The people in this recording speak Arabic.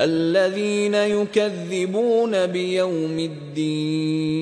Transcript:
الذين يكذبون بيوم الدين